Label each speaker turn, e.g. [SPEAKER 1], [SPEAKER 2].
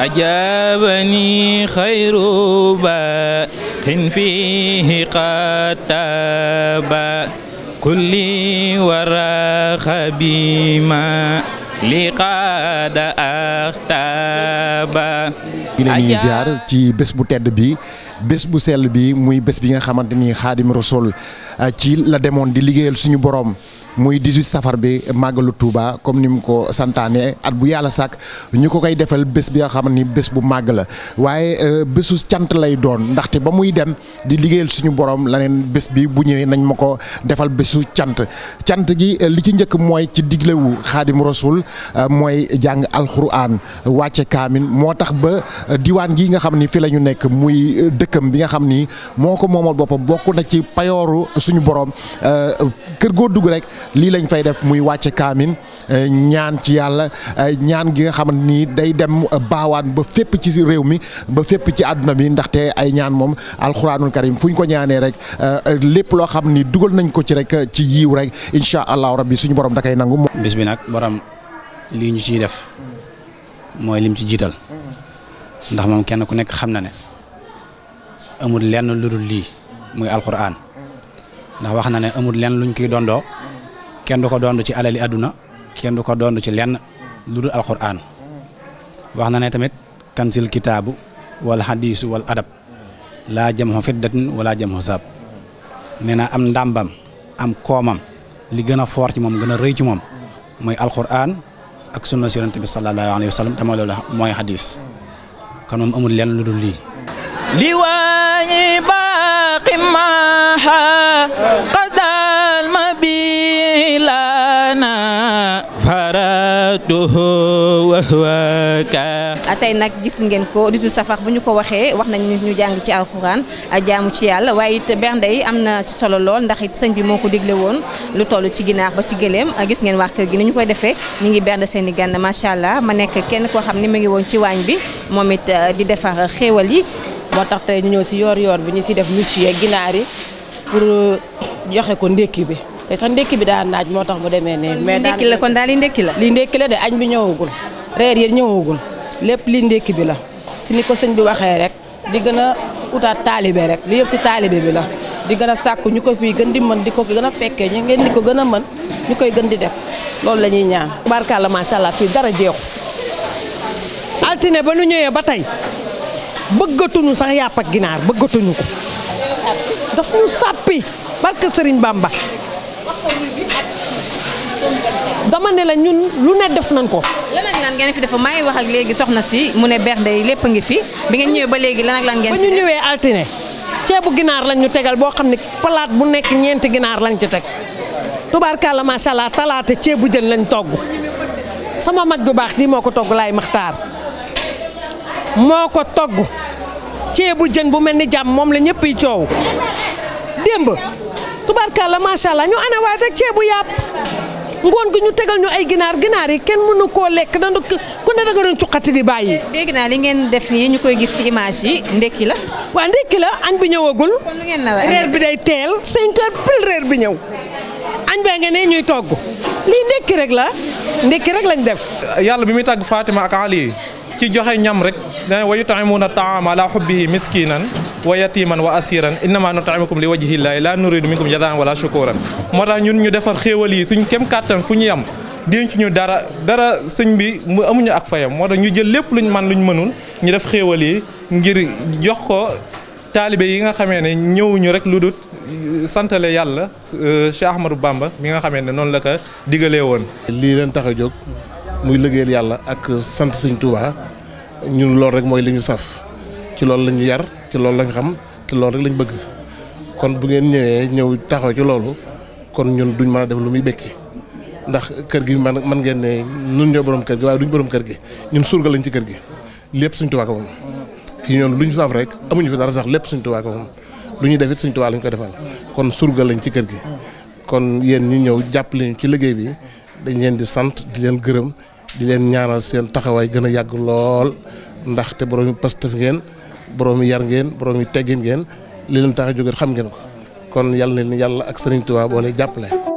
[SPEAKER 1] أجابني خير باق فيه قد تاب كل ورى خبيما liqaad axtaaba gi leen
[SPEAKER 2] ci bés bu tedd bi bés bu sell bi muy bés bi nga xamante ni xaadim rasul Euh, ci la demoon di liggéeyal suñu boroom muy 18 safar bi màgg lu Touba comme ni mu ko santaane at bu yàlla sàkk ñu ko koy defal bés bi nga xam ni bés bu màgg la waaye euh, bésu cant lay doon ndaxte ba muy dem di liggéeyal suñu borom leneen bés bi bu ñëwee nañ ma ko defal bésu cant cant gi euh, li ci njëkk mooy ci diglewu xaadim rasul mooy jàng alxuraan wàcce kaamin moo tax ba diwaan gi nga xam ni fi la ñu nekk muy dëkkam bi nga xam ni moo ko moomal boppam bokk suñu borom euh, kër goo dugg rek lii lañ fay def muy wàcce kaamin euh, ñaan ci yàlla euh, ñaan gi nga xam ni day dem baawaan ba fépp ci réew mi ba fépp ci àdduna bi ndaxte ay ñaan moom alxuraanul karim fuñ ko ñaanee rek lépp loo xam ni dugal nañ ko ci rek ci yiiw rek incha allahu rabbi suñu borom
[SPEAKER 1] da koy nangu. bis bi nag borom lii ñu ciy def mooy lim ci jiital ndax moom kenn ku nekk xam na ne amul lenn lu lii muy alxuraan. ndax wax na ne amul lenn luñ koy dondoo kenn du ko dond ci alali àdduna kenn du ko dond ci lenn lu dul alxuraan wax na ne tamit kansil kitaabu wala xadiisu wala adab laa jëm xo fiddatin wala jëm xo saab nee na am ndàmbam am koomam li gën a foorti moom gën a rëy ci moom mooy alxuraan ak sunna si yonent bi sallallahu alayhi wa sallam dama loolu mooy xadiis kon moom amul lenn lu dul lii faratuhu
[SPEAKER 3] nag gis ngeen ko 18 safar bu ñu ko waxee wax nañ nit ñu jàng ci alxuraan jaamu ci yàlla waaye it bernde yi am na ci solo lool ndax it sëñ bi moo ko digle woon lu toll ci ginaar ba ci gëléem gis ngeen waa kër gi ni ñu koy defee ñu ngi bernde seen i gànn macha allah ma nekk kenn koo xam ni mu ngi woon ci waañ bi moom it euh, di defar xéewal yi moo tax tey ñu ñëw si yoor yoor bi ñu si def mucc yeeg ginaar yi pour euh, joxe ko ndékki bi te sax bi daa naaj moo tax mu demee nii. mais daal ndekki la kon daal li ndekki la. li ndekki la de añ bi ñëwagul reer yi ñëwagul lépp li ndekki bi la si ni ko sëñ bi waxee rek di gën a utaat taalibe rek li yëpp si taalibe bi la di gën a sàkku ñu ko fii gën di mën di ko gën a fekkee ñu ngeen di ko gën a mën ñu koy gën di def loolu la ñuy ñaan. barkaala macha allah fii dara jeexu altine ba nu ñëwee ba tey bëggatuñu sax yàpp ak ginaar bëggatuñu ko daf ñu sàppi barke dama ne la ñun lu ne def nañ ko. lan fi def maa ngi wax ak léegi soxna si mu ne beex yi lépp ngi fi bi ngeen ñëwee ba léegi lan ak lan ngeen. ba ñu ñëwee altine ceebu ginaar lañ ñu tegal boo xam ne palaat bu nekk ñeenti ginaar lañ ci teg tubaarkàlla macha allah talaata ceebu jën lañu togg sama mag bu baax ji moo ko togg laay moo ko togg ceebu jën bu mel ni jàmm moom la ñëpp yi coow démb tubaarkàlla macha allah ñu ana waat ak ceebu yàpp. ngoon gi ñu tegal ñu ay ginaar ginaar yi kenn mënu koo lekk dana ku ne danga doon cuqati di bàyyi. Eh, dégg naa li ngeen def nii ñu koy gis ci image yi ndekki la. waaw ndekki la añ bi ñëwagul. kon lu ngeen nawee reer bi day teel 5 heures pile reer bi ñëw. añ baa nga ne ñuy togg lii ndekki rek la ndekki rek lañ def.
[SPEAKER 1] yàlla bi muy tàgg Fatima ak Ali ci joxe
[SPEAKER 4] ñam rek dana wa yut'imuna ta'ama ala hubbihi miskinan wa yatiman wa asiran innama nut'imukum li wajhi llahi la nuridu minkum jazaan wala shukuran moo tax ñun ñu defar xéewal yi suñ kem kàttan fu ñu yam denc ñu dara dara sëñ bi mu amuñu ak fayam moo tax ñu jël lépp luñ man ñu mënul ñu def xéewal yi ngir jox ko taalibe yi nga xamee ne ñëwuñu rek lu dul euh, santale yàlla euh, Cheikh Ahmadou Bamba mi nga xamee ne noonu la ko digalee woon. lii leen tax a jóg muy liggéeyal yàlla ak sant sëñ Touba ñun loolu rek mooy li ñu saf ci loolu la yar. ci loolu lañ xam te loolu rek lañ bëgg kon bu ngeen ñëwee ñëw taxaw ci loolu kon ñun duñ mën a def lu muy békki ndax kër gi man man ngeen ne ñun ñoo borom kër gi waaye duñ boroom kër gi ñun surga lañ ci kër gi lépp suñ tubaab ko moom fii ñoom lu ñu am rek amuñu fi dara sax lépp suñ tubaab ko moom lu ñuy def it suñ tubaab lañ ko defal kon surga lañ ci kër gi kon yéen ñi ñëw jàpp ñu ci liggéey bi dañ leen di sant di leen gërëm di leen ñaanal seen taxawaay gën a yàgg lool ndaxte borom Pastef ngeen borom yar ngeen borom yi teggin ngeen li leen tax a jóg xam ngeen ko kon yàlla na leen yàlla ak Serigne Touba boole jàppale.